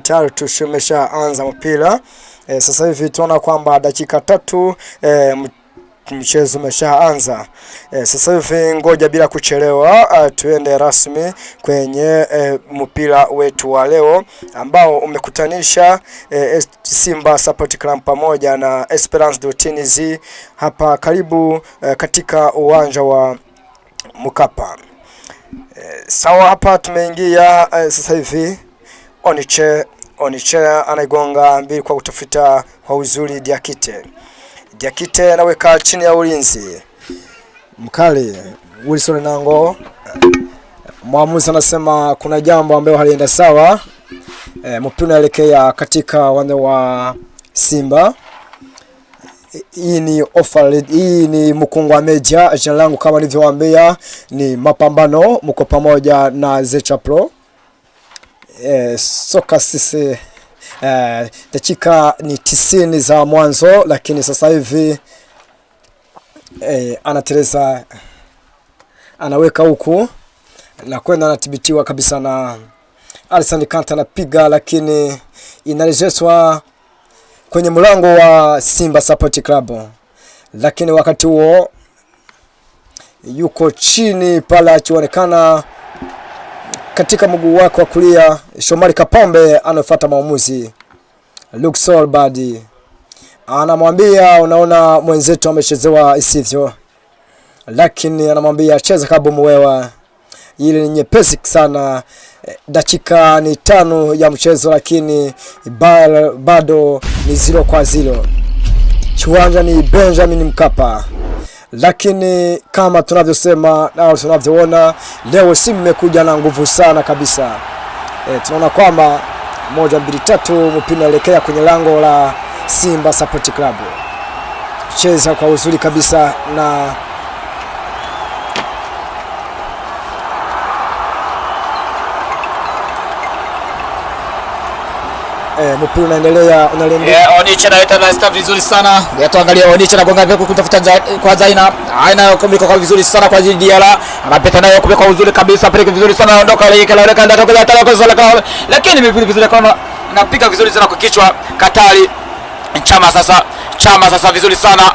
tayari anza mpira e, sasa hivi tunaona kwamba dakika tatu e, mchezo umeshaanza e, sasa hivi ngoja bila kuchelewa a, tuende rasmi kwenye e, mpira wetu wa leo ambao umekutanisha e, Simba Sport Club pamoja na Esperance de Tunis hapa karibu e, katika uwanja wa Mkapa. E, sawa hapa tumeingia e, sasa hivi Oniche oniche anaigonga mbili kwa kutafuta kwa uzuri Diakite. Diakite anaweka chini ya ulinzi mkali Wilson Nango. Mwamuzi anasema kuna jambo ambayo halienda sawa. E, eh, mpira unaelekea katika wande wa Simba. Hii ni offer, hii ni wa Meja. Jina langu kama nilivyowaambia ni mapambano, mko pamoja na Zecha Pro. Eh, soka sisi eh, dakika ni tisini za mwanzo, lakini sasa hivi eh, anateleza anaweka huku na kwenda anatibitiwa kabisa na Alisson Kante, anapiga lakini inarejeshwa kwenye mlango wa Simba Support Club, lakini wakati huo yuko chini pala akionekana katika mguu wako wa kulia Shomari Kapombe anafuata maamuzi. Luke Solbad anamwambia unaona, mwenzetu amechezewa isivyo, lakini anamwambia cheza kabomu wewe, ile ni nyepesi sana. Dakika ni tano ya mchezo, lakini bado ni zero kwa zero. Kiwanja ni Benjamin Mkapa lakini kama tunavyosema na tunavyoona leo, Simba imekuja na nguvu sana kabisa. E, tunaona kwamba moja mbili tatu, mpira unaelekea kwenye lango la Simba Sport Club, cheza kwa uzuri kabisa na Eh, mpira unaendelea unaendelea. Yeah, Onicha analeta nasta vizuri sana. Ya tuangalia Onicha na gonga vipi kutafuta kwa Zaina. Aina Haina kumika kwa vizuri sana kwa Jidi Diala. Anapeta nayo kupeka kwa uzuri kabisa, peleka vizuri sana anaondoka ile kala ile kanda kwa tala kwa zala. Lakini mipira vizuri kama napiga vizuri sana kwa kichwa Katari. Chama sasa Chama sasa vizuri sana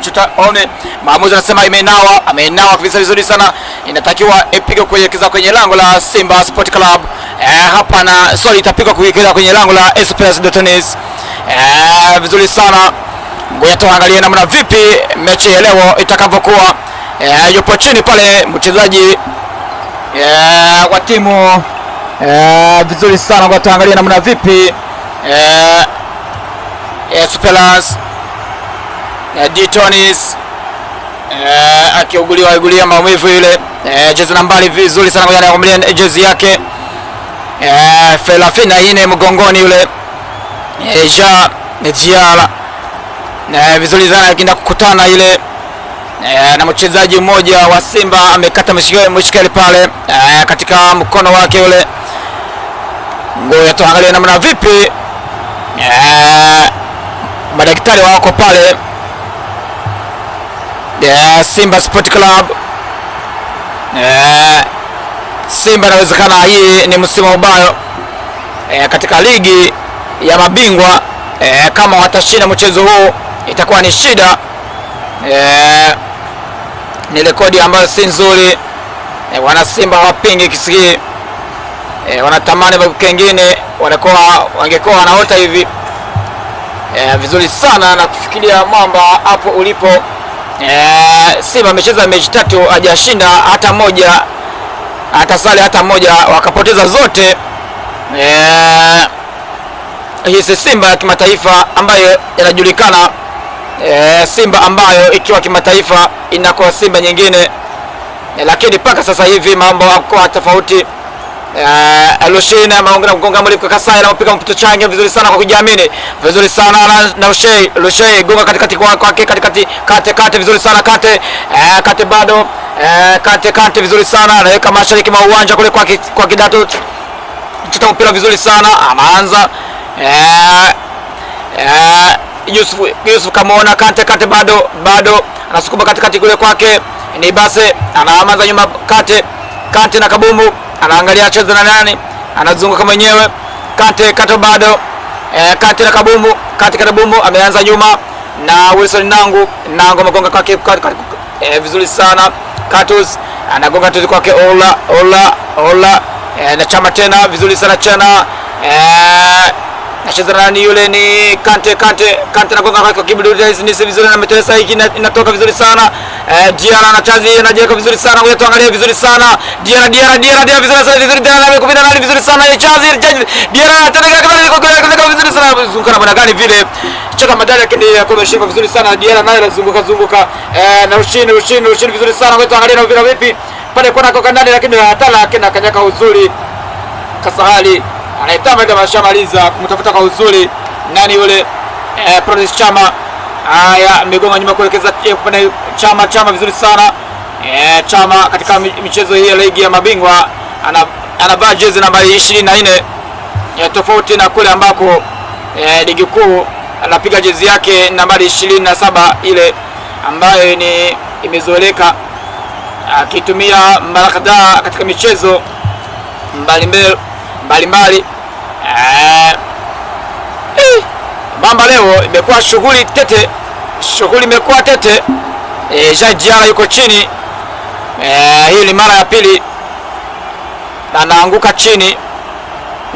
chuta one, maamuzi anasema imenawa, amenawa kabisa vizuri sana, inatakiwa ipige kiza kwenye lango la Simba Sport Club eh, hapa na swali itapigwa kuikeza kwenye lango la Esperance de Tunis. Eh, vizuri sana. Ngoja tuangalie namna vipi mechi ya leo itakavyokuwa. Eh, yupo chini pale mchezaji eh, wa timu eh, vizuri sana. Ngoja tuangalie namna vipi eh, Esperance eh, eh, de Tunis eh, akiugulia ugulia maumivu ile eh, jezi nambari vizuri sana, ngoja niangalie jezi yake e, eh, thelathini na nne mgongoni yule e, ja jiara e, eh, vizuri sana akienda kukutana ile na mchezaji mmoja wa Simba amekata mshikeli pale katika mkono wake ule ngoja namna vipi madaktari wako pale Simba Sport Club Simba inawezekana hii ni msimu ambao e, katika ligi ya mabingwa e, kama watashinda mchezo huu itakuwa ni shida e, ni rekodi ambayo si nzuri e, wanasimba wapingi kisigii e, wanatamani kingine, wanakuwa wangekuwa wanaota hivi e, vizuri sana na kufikiria mwamba hapo ulipo. E, Simba amecheza mechi tatu hajashinda hata moja atasali hata mmoja, wakapoteza zote yeah. Hii Simba ya kimataifa ambayo inajulikana yeah, Simba ambayo ikiwa kimataifa inakuwa Simba nyingine yeah, lakini mpaka sasa hivi mambo yako tofauti Uh, eh, Lushin ameongea kugonga mwili kwa Kasai, na anapiga mpito change vizuri sana kwa kujiamini vizuri sana na na ushei ushei gonga katikati kwake katikati kate kate vizuri sana kate uh, kate bado Eh, kante kante vizuri sana anaweka mashariki mwa uwanja kule kwa, ki, kwa kidato chota mpira vizuri sana anaanza e, eh, eh, Yusuf, Yusuf kamaona kante kante bado bado anasukuma katikati kule kwake ni base anaamaza nyuma kante kante na kabumbu anaangalia cheza na nani anazunguka mwenyewe kante kato bado eh, kante na kabumbu kante kabumbu ameanza nyuma na Wilson Nangu Nangu amegonga kwake kwa, kwa, kwa, kwa, kwa, eh, kwa, kwa, kwa, vizuri sana Clatous anagonga tuzi kwake ola ola ola e, na chama tena vizuri sana chana e, nacheza nani yule ni Kante Kante Kante anagonga kwake ni vizuri na metesa hiki inatoka vizuri sana e, Diara chazi anajeka vizuri sana ngoja tuangalie vizuri sana Diara Diara Diara Diara vizuri sana vizuri Diara amekupa nani vizuri sana ya chazi Diara atataka kwa vizuri sana zungana bwana gani vile kucheka Madari lakini yako ameshika vizuri sana. Diana naye anazunguka zunguka eh, na ushini ushini ushini vizuri sana Ngoja tuangalie na uvira vipi pale kona kwa kandani, lakini hatala akina kanyaka uzuri Kasahali anaitamba ndio ameshamaliza kumtafuta kwa uzuri nani yule eh, Promise Chama. Haya, amegonga nyuma kuelekeza eh, kwa Chama Chama vizuri sana eh, Chama katika michezo hii ya ligi ya mabingwa ana anavaa jezi nambari 24 ya eh, tofauti na kule ambako eh, ligi kuu anapiga jezi yake nambari 27 ile ambayo ni imezoeleka akitumia mara kadhaa katika michezo mbalimbali mbalimbali. Eh, eh, Bamba leo imekuwa shughuli tete, shughuli imekuwa tete. Eh, Jean Diarra yuko chini e, hii ni mara ya pili na anaanguka chini.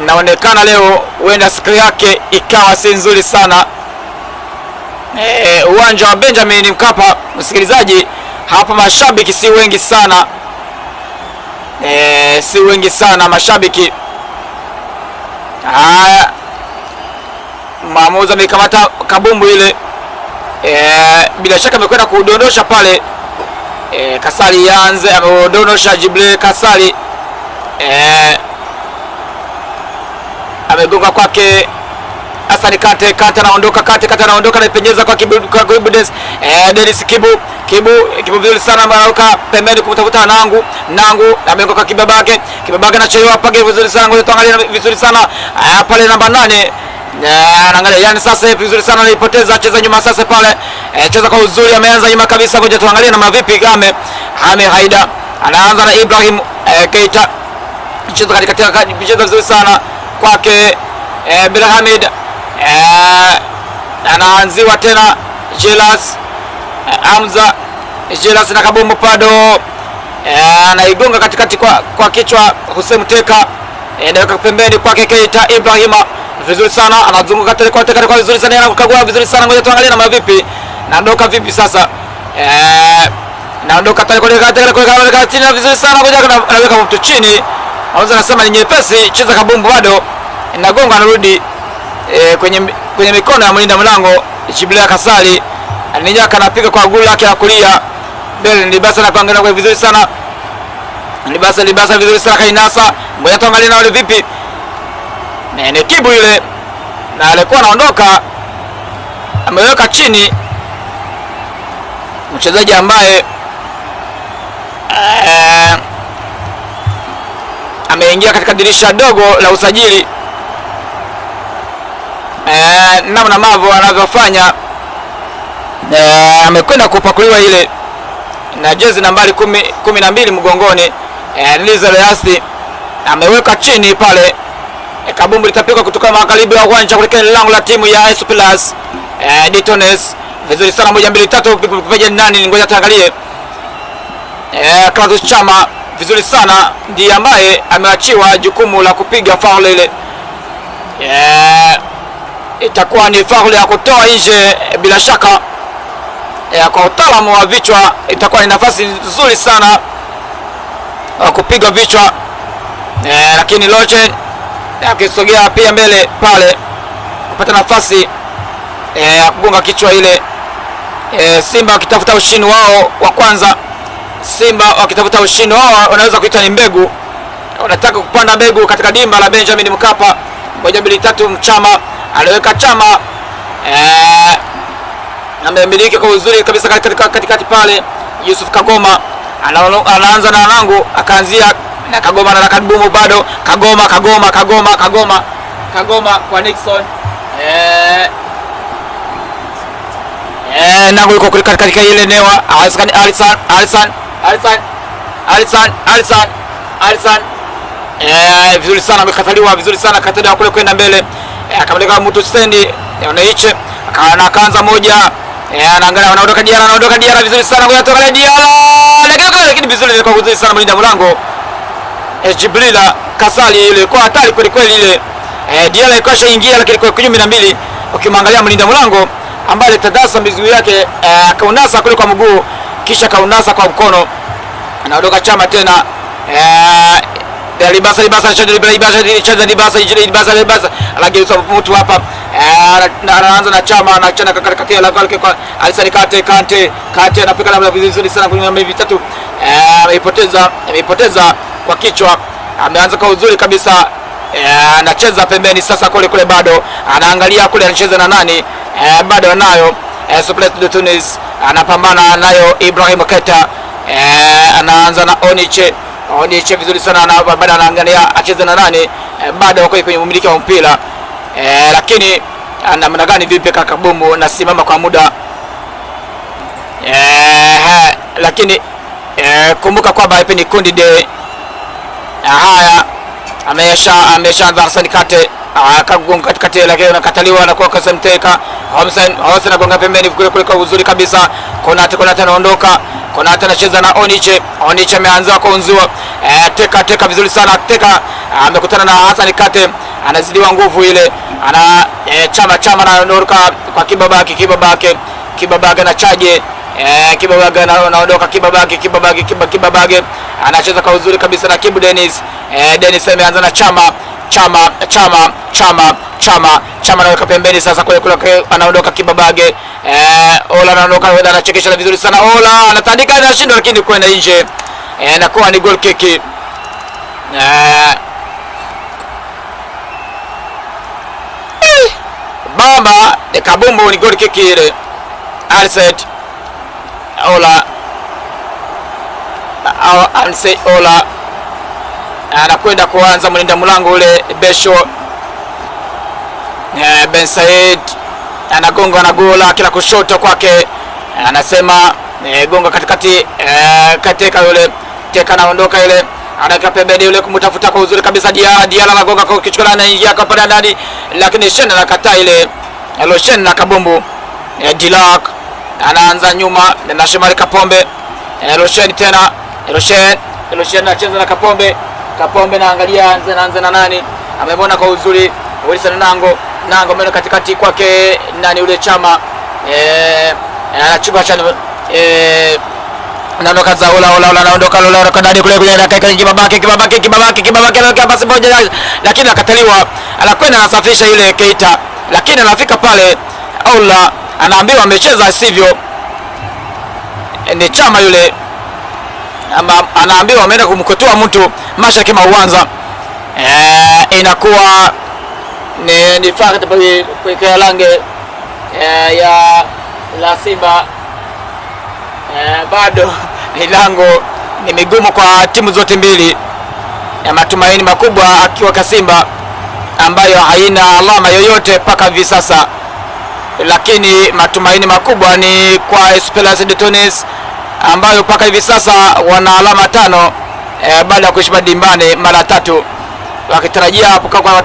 naonekana leo huenda siku yake ikawa si nzuri sana. Eh, uwanja e, wa Benjamin Mkapa. Msikilizaji, hapa mashabiki si wengi sana e, si wengi sana mashabiki. Haya, maamuzi amekamata kabumbu ile e, bila shaka amekwenda kudondosha pale e, Kasali Yanze amedondosha Jibril Kasali e, amegonga kwake Hassan Kate, Kate anaondoka, Kate, Kate anaondoka na ipenyeza kwa Kibu, kwa Kibu eh, Dennis Kibu, Kibu, Kibu vizuri sana anauka pembeni kumtafuta Nangu, Nangu ameongoka kwa Kibabake, Kibabake anacholewa pake vizuri sana, ngoja tuangalie vizuri sana ah, pale namba nane eh, anaangalia yani, sasa hivi vizuri sana alipoteza, acheza nyuma sasa pale, eh, cheza kwa uzuri, ameanza nyuma kabisa, ngoja tuangalie na mavipi game Ame Haida anaanza na Ibrahim eh, Keita, cheza katika cheza vizuri sana kwake eh, Bilhamid eh, anaanziwa tena Jelas amza eh, Jelas na kabombo pado eh, anaigonga katikati kwa, kwa kichwa Hussein Teka inaweka eh, pembeni kwake Keita Ibrahima vizuri sana anazunguka tele kwa teka kwa vizuri sana anakagua vizuri sana ngoja tuangalie na mavipi naondoka vipi sasa eh naondoka tele kwa teka tele kwa chini vizuri sana ngoja anaweka mtu chini anaweza ni nyepesi cheza kabumbu bado anarudi e, kwenye, kwenye mikono ya mlinda mlango Jibril Kasali Anija kanapiga kwa gulu lake la kulia mbele, Ndibasa anapangilia kwa vizuri sana, Ndibasa Ndibasa vizuri sana kainasa, ngoja tuangalie na wale vipi nene kibu yule, na alikuwa anaondoka, ameweka chini mchezaji ambaye eh, ameingia katika dirisha dogo la usajili eh, namna Mavo anavyofanya eh, amekwenda kupakuliwa ile na jezi nambari kumi, kumi na mbili mgongoni eh, Lizareasti ameweka chini pale eh, kabumbu litapigwa kutoka makaribu ya uwanja kuelekea lango la timu ya S Plus eh, Ditones vizuri sana, moja mbili tatu, pepeja nani, ngoja tuangalie eh, Clatous Chama vizuri sana ndiye ambaye ameachiwa jukumu la kupiga faul ile. Yeah itakuwa ni faul ya kutoa nje bila shaka ya kwa utaalamu wa vichwa, itakuwa ni nafasi nzuri sana wa uh, kupiga vichwa e, lakini Lochen eh, akisogea pia mbele pale kupata nafasi e, ya kugonga kichwa ile e, Simba wakitafuta ushindi wao wa kwanza. Simba wakitafuta ushindi wao wanaweza kuita ni mbegu, wanataka kupanda mbegu katika dimba la Benjamin Mkapa moja mbili tatu mchama aliweka Chama eh, amemiliki kwa uzuri kabisa katikati katika pale. Yusuf Kagoma anaanza na Nangu, akaanzia na Kagoma na Kadumu, bado Kagoma Kagoma Kagoma Kagoma Kagoma kwa Nixon eh, eh, Nangu yuko katika katika ile newa Alisan Alisan Alisan Alisan Alisan Alisan Alisan eh, vizuri sana amekataliwa vizuri sana, kataliwa kule kwenda mbele Eh, akapeleka mtu stendi wanaiche eh, akaana kanza moja eh, anaangalia anaondoka Diara, anaondoka Diara vizuri sana kwa kutoka Diara, lakini kwa lakini vizuri ile kwa vizuri sana mlinda mlango eh, Jibrila Kasali ile kwa hatari kweli kweli ile eh, Diara ilikuwa shaingia lakini kwa kinyume na mbili, ukimwangalia mlinda mlango ambaye alitadasa miguu yake akaunasa kule kwa mguu kisha kaunasa kwa mkono anaondoka Chama tena eh, Alibasa Alibasa Alibasa anageuza mtu hapa, anaanza na chama na kaka kati ya goli kwa Alisari Kante Kante Kante anapika na vizuri sana kwenye mevi tatu, ameipoteza ameipoteza kwa kichwa, ameanza kwa uzuri kabisa, anacheza pembeni sasa kule kule, bado anaangalia kule, anacheza na nani, bado anayo Suplex de Tunis, anapambana nayo Ibrahim Keta. Keita, anaanza na Oniche Onyeshe vizuri sana na bado anaangalia acheze na nani, e, bado wako kwenye umiliki wa mpira e, lakini ah, namna gani vipi kaka Bomu simama kwa muda e, lakini e, kumbuka kwamba ipi ni kundi de ah, haya amesha ameshaanza Hassan Kate ah, akagonga katikati, lakini anakataliwa na kwa Kasim Teka Hamsan Hassan anagonga pembeni kule kule kwa uzuri kabisa Konate, Konate anaondoka. Konate anacheza na Oniche. Oniche ameanza kwa kuunzua e, eh, teka teka vizuri sana teka, ah, amekutana na Hassan Kate, anazidiwa nguvu ile, ana e, chama chama na anaondoka kwa kibabaki kibabake kibabake na chaje e, kibabake anaondoka kibabake kibabake kibabage anacheza kwa uzuri kabisa na Kibu Dennis e, Dennis ameanza na chama chama chama chama chama chama anaweka pembeni sasa kule kule, anaondoka kibabage Eh, Ola anaondoka Weda anachekesha vizuri sana. Ola anatandika shindo lakini kwenda nje. Eh, na nakuwa ni goal kick. Eh, Bamba de Kabumbu ni goal kick ile. Alset. Ola au Alsaid Ola anakwenda kuanza mlinda mlango ule Besho. Eh, Ben Said Eh, anagonga na gola kila kushoto kwake, anasema e, gonga katikati e, kateka yule teka anaondoka ile anaweka pembeni yule kumtafuta kwa uzuri kabisa Dia Diala. la gonga kwa kichwa na anaingia kwa pande ndani, lakini Shen anakataa ile alo Loshen na kabumbu e, Dilak anaanza nyuma na Shomari Kapombe e, alo Loshen tena alo alo Loshen anacheza na Kapombe Kapombe naangalia anza naanza na nani amemwona kwa uzuri Wilson Nango na ngomeno katikati kwake nani ule Chama eh, eh, anachukua cha eh, naondoka za ola ola ola naondoka ola ola kadani kule kule na anakaika kibabake kibabake kibabake kibabake anaweka pasi moja, lakini akataliwa. Anakwenda anasafisha ile Keita, lakini anafika pale ola, anaambiwa amecheza sivyo, ni Chama yule ama anaambiwa ameenda kumkotoa mtu Mashaki Mauanza. eh inakuwa ni, ni fact kuikea lange eh, ya la Simba eh, bado ni lango ni migumu kwa timu zote mbili na matumaini makubwa akiwa Kasimba ambayo haina alama yoyote mpaka hivi sasa, lakini matumaini makubwa ni kwa Esperance de Tunis ambayo mpaka hivi sasa wana alama tano eh, baada ya kuishinda dimbani mara tatu wakitarajia hapo kwa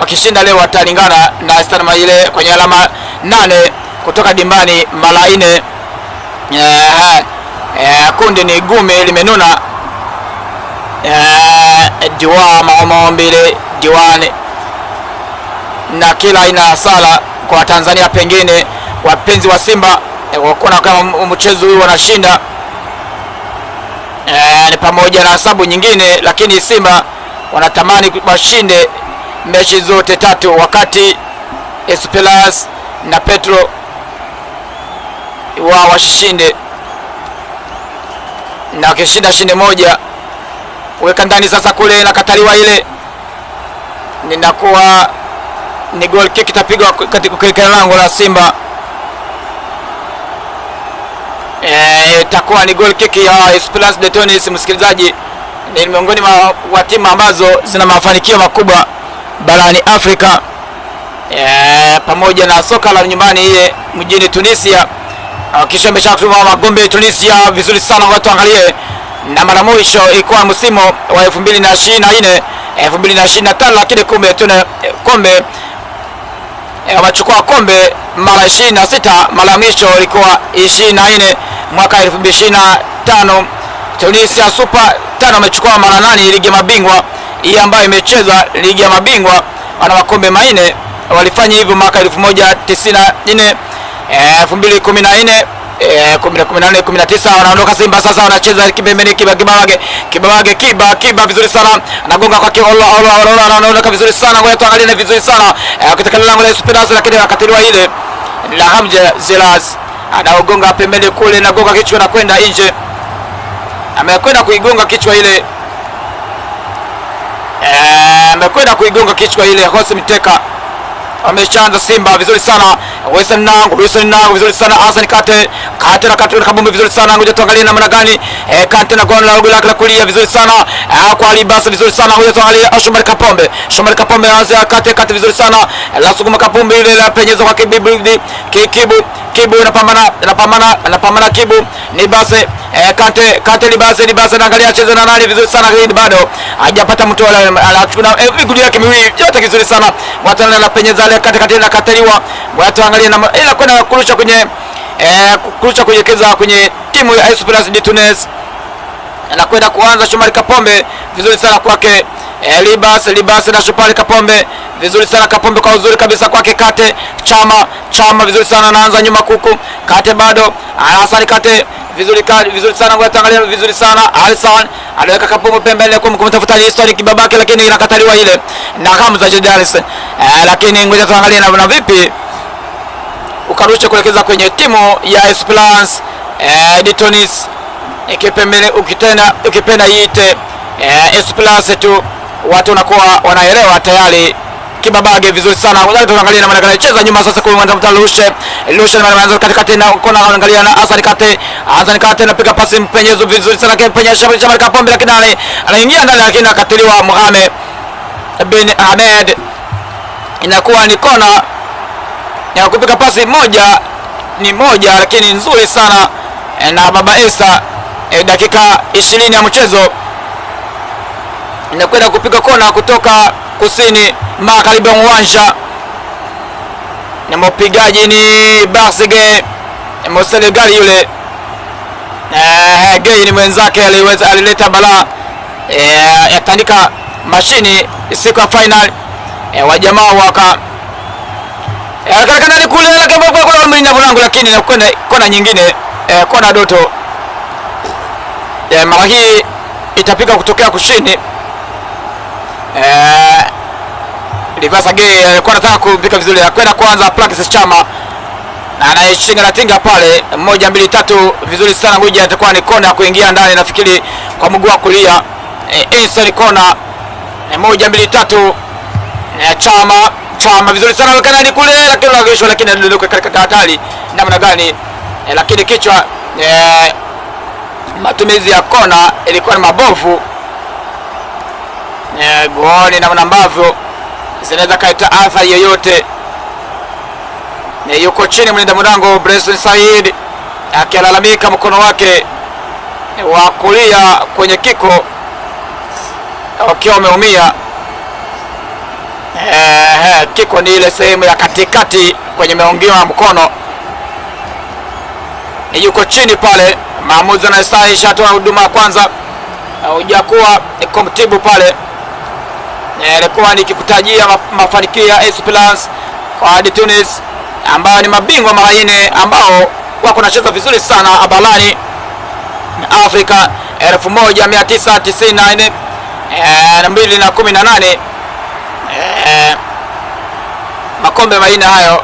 wakishinda leo watalingana na Aston Maile kwenye alama nane kutoka dimbani mara nne. Eh, eh, kundi ni gume limenuna. Eh, maomo mbili diwani na kila aina ya sala kwa Tanzania, pengine wapenzi wa Simba kwa eh, kuona kama mchezo huu wanashinda eh, ni pamoja na sababu nyingine, lakini Simba wanatamani washinde mechi zote tatu, wakati Esperance na Petro wa washinde na wakishinda shinde moja weka ndani. Sasa kule inakataliwa ile, ninakuwa ni goal kick itapigwa katika lango la Simba. E, itakuwa ni goal kick ya Esperance de Tunis. Msikilizaji, ni miongoni mwa timu ambazo zina mafanikio makubwa barani Afrika yeah, pamoja na soka la nyumbani ile mjini Tunisia. Kisha amesha magombe Tunisia vizuri sana, watu angalie, na mara mwisho ilikuwa msimu wa 2024 2025, lakini kumbe tuna e, kombe e, wachukua kombe mara 26, mara mwisho ilikuwa 24 mwaka 2025. Tunisia Super tano amechukua mara nane ligi mabingwa hii ambayo imechezwa ligi ya mabingwa wana makombe manne. Walifanya hivyo mwaka 1994 2014 19 wanaondoka Simba sasa, wanacheza kibembeni kiba kibawage kibawage kiba kiba vizuri sana, anagonga kwa kiolo olo olo, anaondoka vizuri sana, ngoja tuangalie vizuri sana eh, katika lango la Esperance, lakini akatiliwa ile la Hamza Zelaz anaogonga pembeni kule, na gonga kichwa na kwenda nje, amekwenda kuigonga kichwa ile Eh, amekwenda kuigonga kichwa ile Jose Miteka Ameshaanza Simba vizuri sana, Wilson Nangu, Wilson Nangu vizuri sana, Hassan Kate, Kate na Kate kabumbu vizuri sana. Ngoja tuangalie namna gani eh, Kate na gona la lake la kulia vizuri sana eh, kwa Alibasa vizuri sana. Ngoja tuangalie ah, Shomari Kapombe, Shomari Kapombe anza Kate Kate vizuri sana, la sukuma Kapombe ile la penyezo kwa Kibibu Kibu Kibu, inapambana inapambana inapambana Kibu ni base eh, kate kate libase libase, naangalia angalia na nani vizuri sana, hii, bado hajapata mtu wala anachukua eh, miguu yake miwili yote vizuri sana, mwatana anapenyeza ile kate kate na kateliwa mwatana angalia na ila kwenda kurusha kwenye eh, kurusha kwenye keza kwenye timu ya Esperance de Tunis, anakwenda kuanza Shomari Kapombe vizuri sana kwake eh, libas libas na Shomari Kapombe vizuri sana Kapombe kwa uzuri kabisa kwake Kate Chama Chama vizuri sana anaanza nyuma kuku Kate bado ah, Hasani Kate vizuri kali vizuri sana kwa Tanzania vizuri sana. Alsan anaweka kapumu pembeni kwa kumtafuta Liston kibabake, lakini inakataliwa ile na Hamza Jedaris. Eh, lakini ngoja tuangalie na vipi ukarusha kuelekeza kwenye timu ya Esperance eh, de ikipembele ukitenda ukipenda iite eh, Esperance tu, watu wanakuwa wanaelewa tayari kibabage vizuri sana. Kwanza tunaangalia namna anacheza nyuma sasa kwa mwanda mtalo Lushe. Lushe na mwanzo katika na kona anaangalia na Hassan Kate. Hassan Kate anapiga pasi mpenyezo vizuri sana kwa penye shamba cha Marka Pombe lakini ndani anaingia ndani lakini akatiliwa Mohamed bin Ahmed. Inakuwa ni kona ya kupiga pasi moja ni moja lakini nzuri sana na Baba Esta. Eh, dakika 20 ya mchezo inakwenda kupiga kona kutoka kusini magharibi ya uwanja, na mpigaji ni Basige Moselegali yule eh, Gei ni mwenzake aliweza, alileta balaa eh, yatandika mashini siku ya final eh, wajamaa waka e, eh, ni kule kwa na mlango, lakini na kwenda kona nyingine e, kona doto e, mara hii itapika kutokea kushini reverse eh, again, alikuwa anataka kupika vizuri, akwenda kwanza Practice Chama na anayeshinga na tinga pale, moja mbili tatu, vizuri sana Gwiji, atakuwa ni kona kuingia ndani, nafikiri kwa mguu wa kulia e, inside kona e, eh, moja mbili tatu e, Chama Chama vizuri sana ndani kule, lakini unageshwa, lakini anadondoka katika hatari namna gani e, lakini kichwa e, matumizi ya kona ilikuwa ni mabovu e, eh, gooni namna ambavyo zinaweza kaleta athari yoyote. E, yuko chini mlinda mlango Bresson Said akilalamika mkono wake eh, wa kulia kwenye kiko wakiwa wameumia. kiko ni ile sehemu ya katikati kwenye meungiwa ya mkono yuko chini pale. Maamuzi na Isai huduma ya kwanza, hujakuwa kumtibu pale nilikuwa eh, nikikutajia mafanikio ya Esperance de Tunis ambao ni mabingwa mara nne ambao wako nacheza vizuri sana abalani Afrika 1994 2018 eh, eh, makombe manne hayo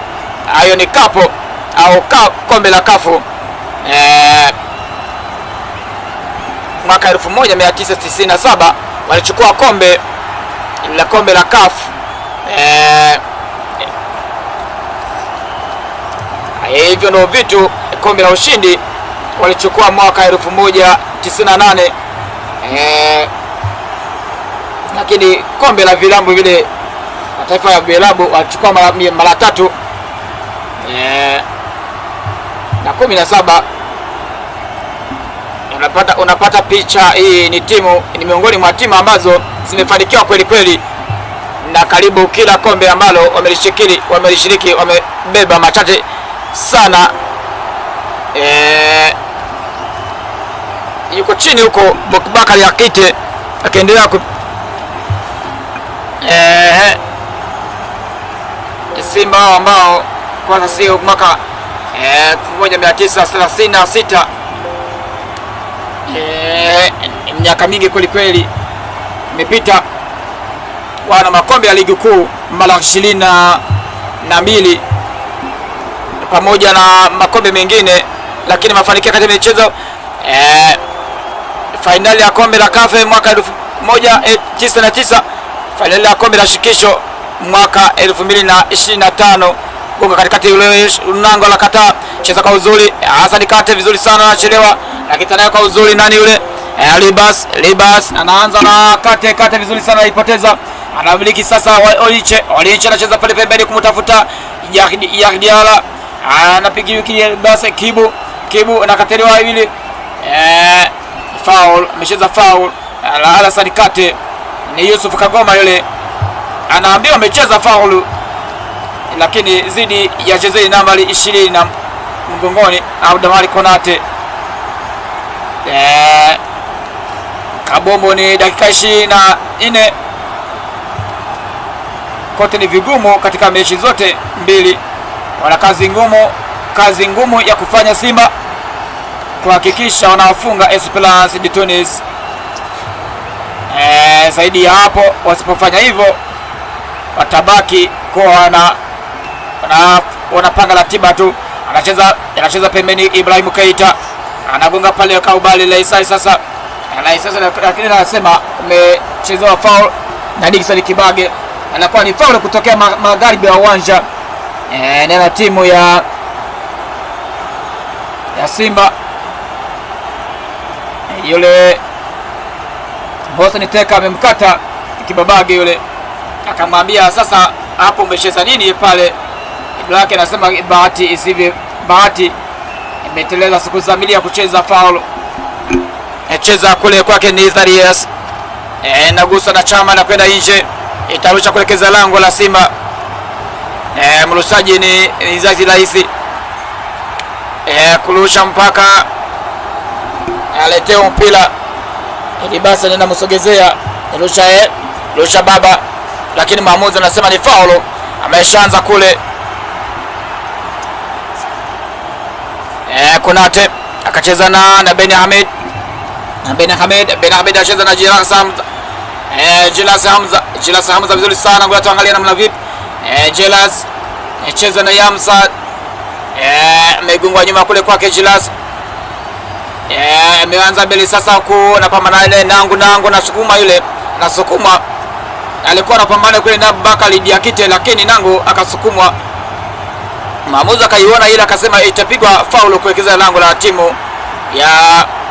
hayo ni kapo au ka, kombe la kafu eh, mwaka 1997 walichukua kombe la kombe la CAF eh, eh, hivyo ndio vitu kombe la ushindi walichukua mwaka 1998 eh, lakini kombe la vilabu vile mataifa ya vilabu walichukua mara, mara tatu eh, na kumi na saba. Unapata, unapata picha hii. Ni timu ni miongoni mwa timu ambazo zimefanikiwa kweli kweli, na karibu kila kombe ambalo wamelishikili wamelishiriki wamebeba machache sana. E, yuko chini huko Bokubakari Akite akiendelea ku e, Simba hao ambao sasa sio mwaka 1936 eh, e, miaka mingi kweli kweli imepita wana makombe ya ligi kuu mara ishirini na mbili pamoja na makombe mengine, lakini mafanikio katika michezo eh, fainali ya kombe la kafe mwaka elfu moja eh, tisa na tisa fainali ya kombe la shirikisho mwaka 2025 gonga katikati ule unango la kataa cheza kwa uzuri Hassan Kate vizuri sana anachelewa, lakini nayo kwa uzuri nani yule Eh, Libas Libas anaanza na kate kate vizuri sana ipoteza. Anamiliki sasa Oliche. Oliche anacheza pale pembeni kumtafuta Yahdiala. Anapiga basi Kibu. Kibu anakataliwa hivi. Eh, foul, amecheza foul. Ala Alasan Kate. Ni Yusuf Kagoma yule. Anaambiwa amecheza foul lakini zidi ya jezi nambari 20 na mgongoni Abdamari Konate. Eh, Kabombo ni dakika ishirini na nne kote ni vigumu katika mechi zote mbili, wana kazi ngumu, kazi ngumu ya kufanya Simba kuhakikisha wanawafunga Esperance de Tunis. E, zaidi ya hapo wasipofanya hivyo watabaki kuwa wana, wana, wanapanga ratiba tu. Anacheza anacheza pembeni ibrahimu Keita anagonga pale Kaubali laisai sasa anaisasa, lakini anasema umechezewa foul na Dickson Kibage, anakuwa ni foul kutokea magharibi ya uwanja e, eh, na timu ya ya Simba e, yule Hosni Teka amemkata Kibabage yule, akamwambia sasa, hapo umecheza nini pale lake, anasema bahati isivyo bahati imeteleza siku za milia kucheza faulu cheza kule kwake Nizarias e, eh, naguswa na chama na kwenda nje, itarusha kuelekeza lango la Simba. E, mrushaji ni Nizaki Laisi e, eh, kurusha mpaka aleteo mpira ili basi nenda msogezea rusha, e, rusha baba, lakini maamuzi anasema ni faulo, ameshaanza kule e, Kunate akacheza na na Beni Hamid Ben Ahmed, Ben Ahmed anacheza na Jilas Hamza. Eh, Jilas Hamza, Jilas Hamza vizuri sana. Ngoja tuangalie namna vipi. Eh, Jilas eh, cheza na Yamsa. Eh, amegungwa nyuma kule kwake Jilas. Eh, ameanza mbele sasa ku na pambana ile nangu nangu na sukuma yule na sukuma. Alikuwa anapambana kule na Bakari Diakite lakini nangu akasukumwa. Maamuzi akaiona ile akasema itapigwa faulu kuwekeza lango la timu ya